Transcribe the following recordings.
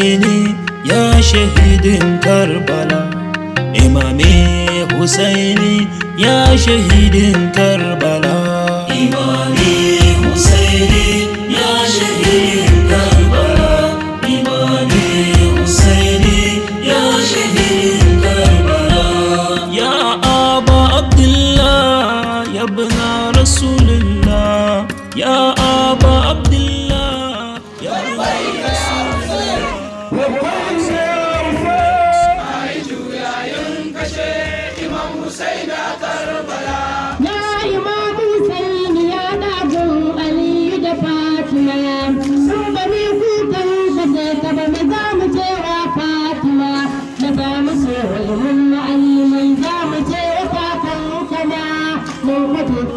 husaini ya shahidin karbala imami husaini ya shahidin karbala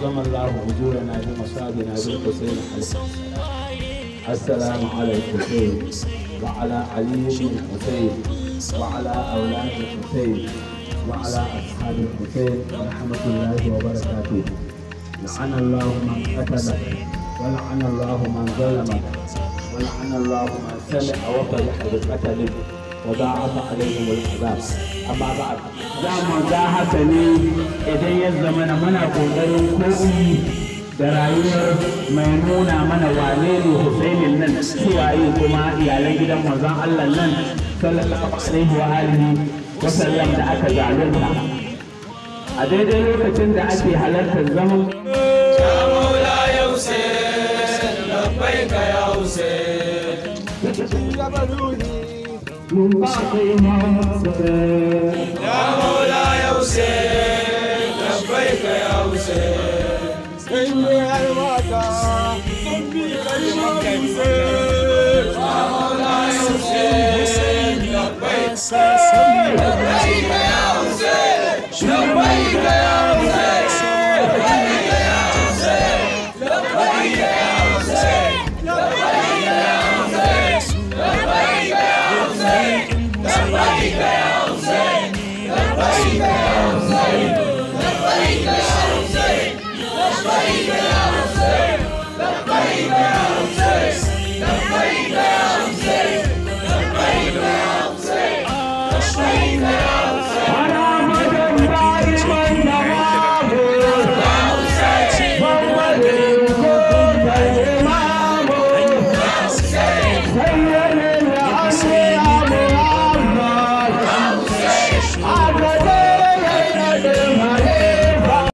zaman lahu hujura na bi masabi na bi kusai na halitta assalamu alaikum kusai wa ala aliyu kusai wa ala aulaji kusai wa ala ashabi kusai wa rahmatullahi wa barakatu la'ana allahu man qatala wa la'ana allahu man zalama wa la'ana allahu man sami'a wa qala bi qatalihi وضاعف عليهم العذاب أما بعد دام ضاعف لي إذا يزمن من قدر كوي da rayuwar mai nuna mana wane ne Husainin nan suwaye kuma iyalan gidan manzon Allah nan sallallahu alaihi wa wa sallam da aka zalunta a daidai lokacin da ake halartar zaman ya maula Não you. Amen.